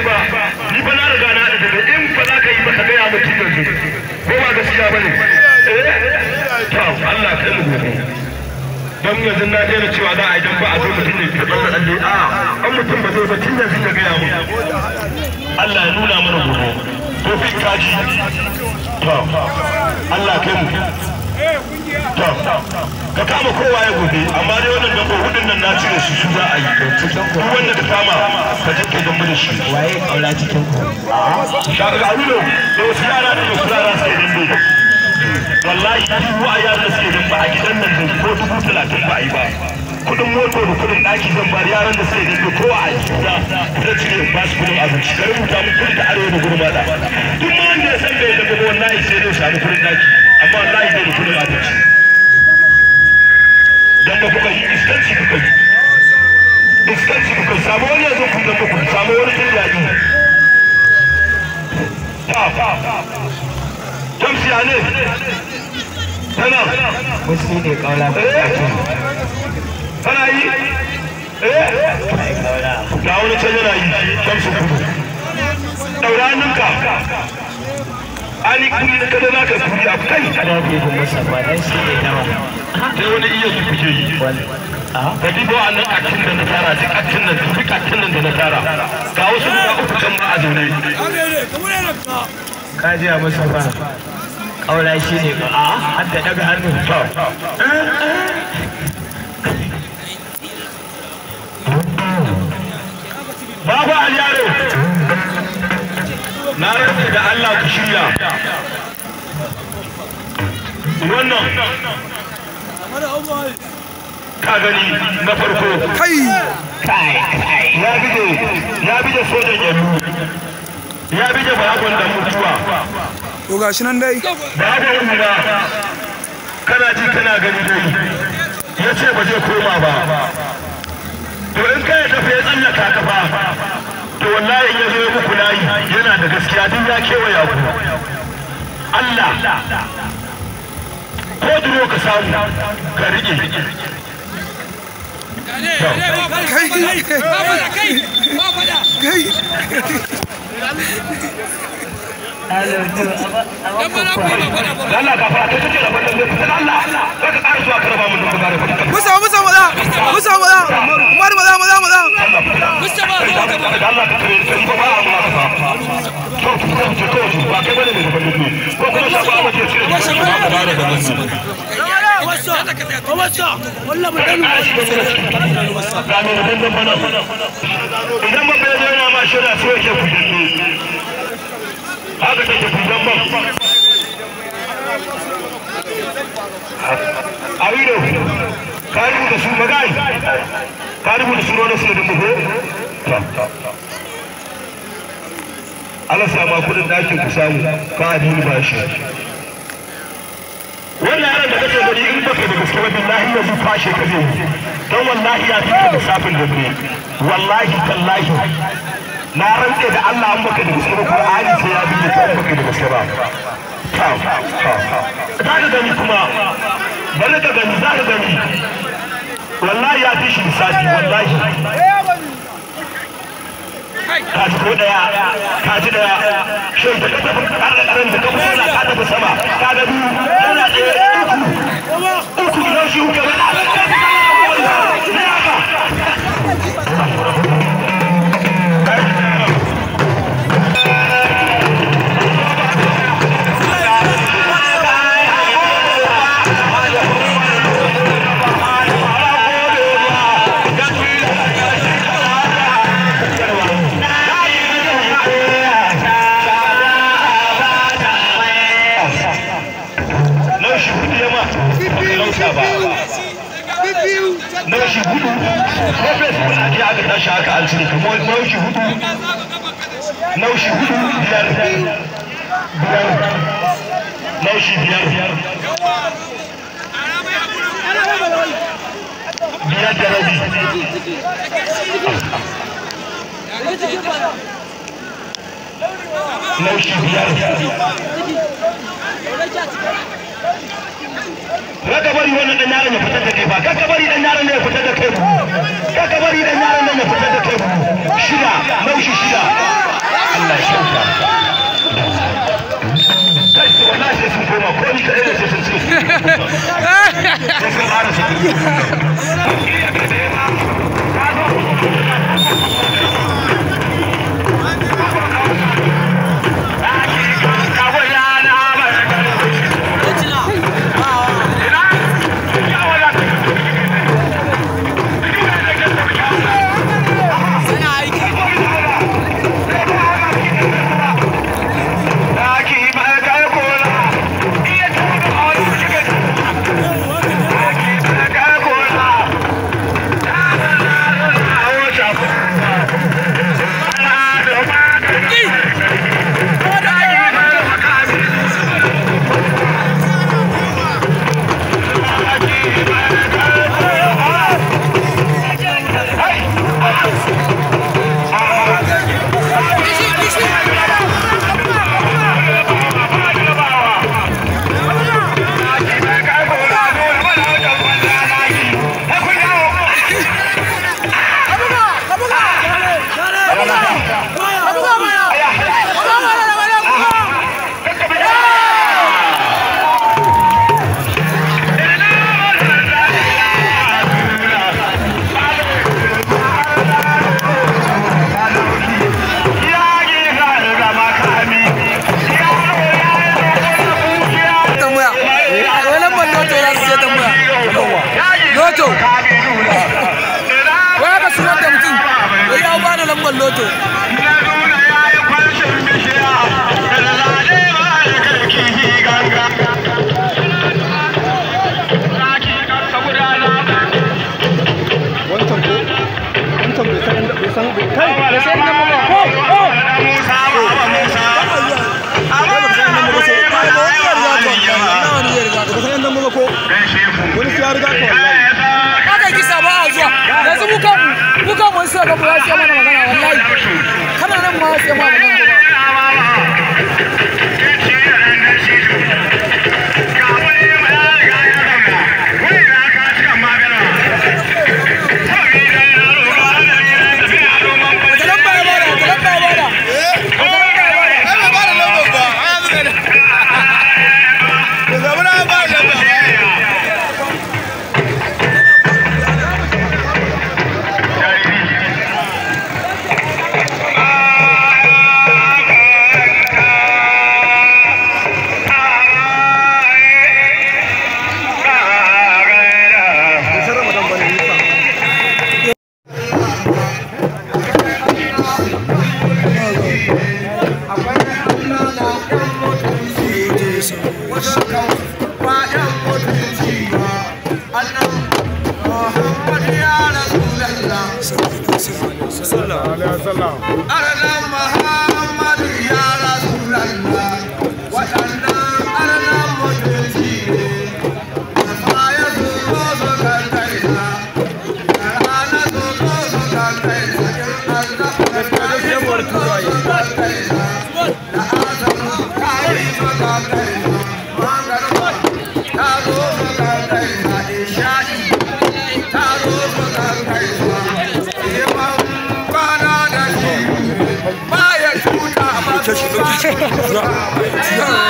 shi ba ni ba na riga na da da in ba za ka yi ba ka gaya mutum yanzu ko ba gaskiya ba ne eh? to Allah ta mu gobe dan yanzu na daina cewa za a yi dan ba a zo mutum ne ka dan dan a an mutum ba zai ba tun yanzu ka gaya mu Allah ya nuna mana gobe ko fi kaji to Allah kai mu kama kowa ya gobe amma dai wannan dango hudun nan na cire su su za a yi duk wanda ta kama ka je ka gamba da shi waye kaula cikin ku shaka alulo da wasu yara da wasu yara sai dambe wallahi duk wa yara da suke ba a gidan nan da ko dubu talatin ba a yi ba kudin moto da kudin daki zan bar yaran da suke dambe ko a jida da cire ba su kudin abinci ka rubuta mu kudin da arewa da gurmada duk ma wanda ya san bai dambe ba wallahi sai dai samu kudin daki amma wallahi bai da kudin abinci don da kuka yi iskanci kuka yi iskanci kuka yi samu yanzu kuka kuku samu wani jin daɗi jamsiya ne tana wasu ne kaula ba tana yi eh wani can yana yi jamsu kudu daura hannunka ali kuri da naka kuri a kai ana bai kuma sabanin shi ne nawa sai wani iya su kuke yi ka dibo a nan akin da na tara duk akin nan duk akin nan da na tara ga wasu guda uku kan ba a zaune ka ji a masa ba ƙaura shi ne ba a har da daga hannu babu alyaro na rantsa da Allah ku shirya wannan gani na farko kai ya bi da ya bi da sojan yallu ya bi da bagon da mutuwa to gashi nan dai bagon ruwa kana ji kana gani dai ya ce ba zai koma ba to in kai tafi ya tsallaka ka to wallahi ya zo muku layi yana da gaskiya duk ya kewaya ku Allah ko duro ka samu ka rike kai kai kai Allah ka fara ta ce da wannan zai fita Allah Allah ka ƙara zuwa karba mun duka gare fita Musa Musa Musa Musa Musa Umar Musa Musa Musa Musa ba Allah ka tare in musa musa musa ka fa to musa musa ce musa ba kai bane ne ban dubi ko kuma sha ba ba ce ce ba sha ba ba da gaske Wasa wasa wallahi mun dan Idan ba bai yana ma shirya sai ya ku dinne haka take fitan ban a ido ka rubuta su magani ka rubuta su wani su da dubu Allah sama kudin dakin ku samu ka adini ba shi wannan yaran da kake gani in baka da gaske wajen lahi yanzu kwashe ka zai yi don wallahi ya fi da safin da wallahi tallahi na rantse da Allah an baka da gaske ba Qur'ani sai ya biye ka an baka da gaske ba ta. za ka gani kuma bari ka gani za ka gani wallahi ya fi shi lissafi wallahi ka ji ko daya ka ji daya shin ta kasa fa karan da ka fito na ka tafi sama ka ga biyu yana ɗaya uku uku gidan shi uku ga ba na ka reflex kuma a je aka aka an cire biyar biyar biyar biyar biyar biyar Kaka bari wannan dan yaron ya fitar da kai ba, kaka bari dan yaron ya fitar da kai Kaka bari dan yaron ya fitar da kai Shida, shida. Allah ya shauka. kuwa sai mana magana wallahi kana nan ma sai mana magana Salam. Salam. Salam. 違う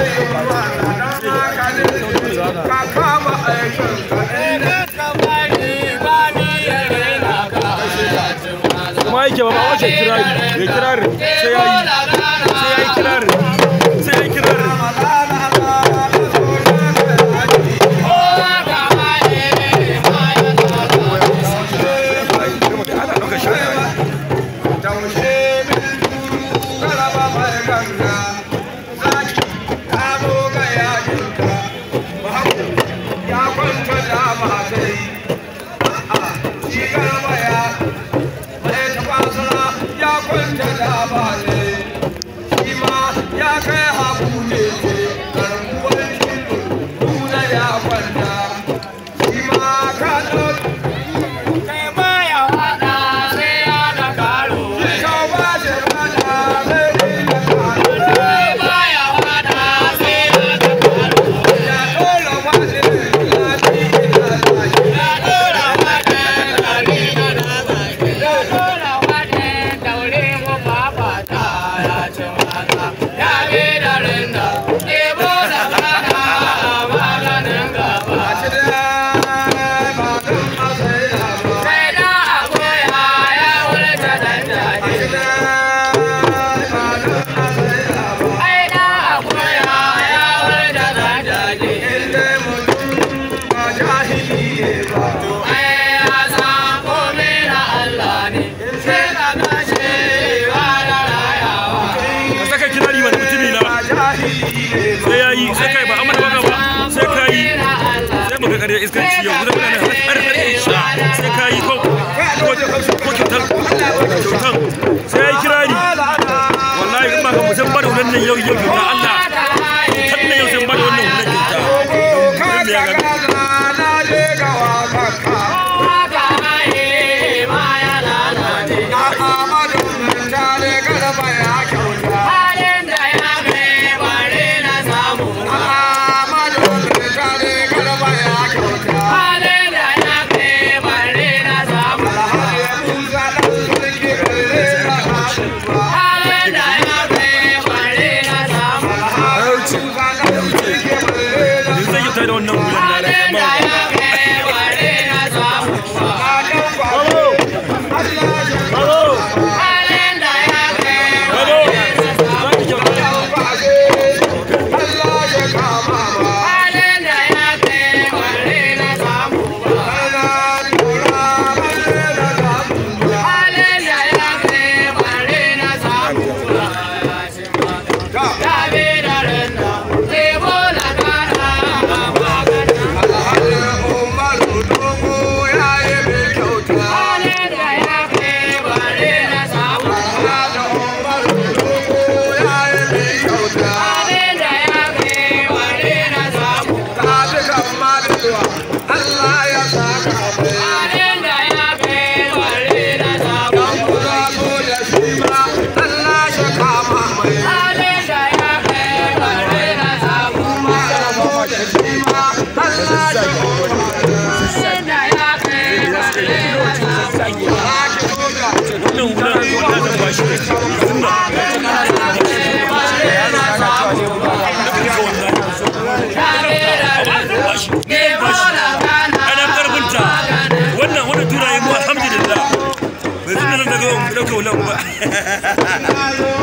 kuma yake ba wace kirari ya kirari sai ya yi sai ya yi kirari sai ya yi kirari ana ɗauka shaya iskanci yau da muna a har har insha sai ko ko kyautan kyautan sai ya yi kirari wallahi in a ka musamman wannan yau yau I don't know. lùng vậy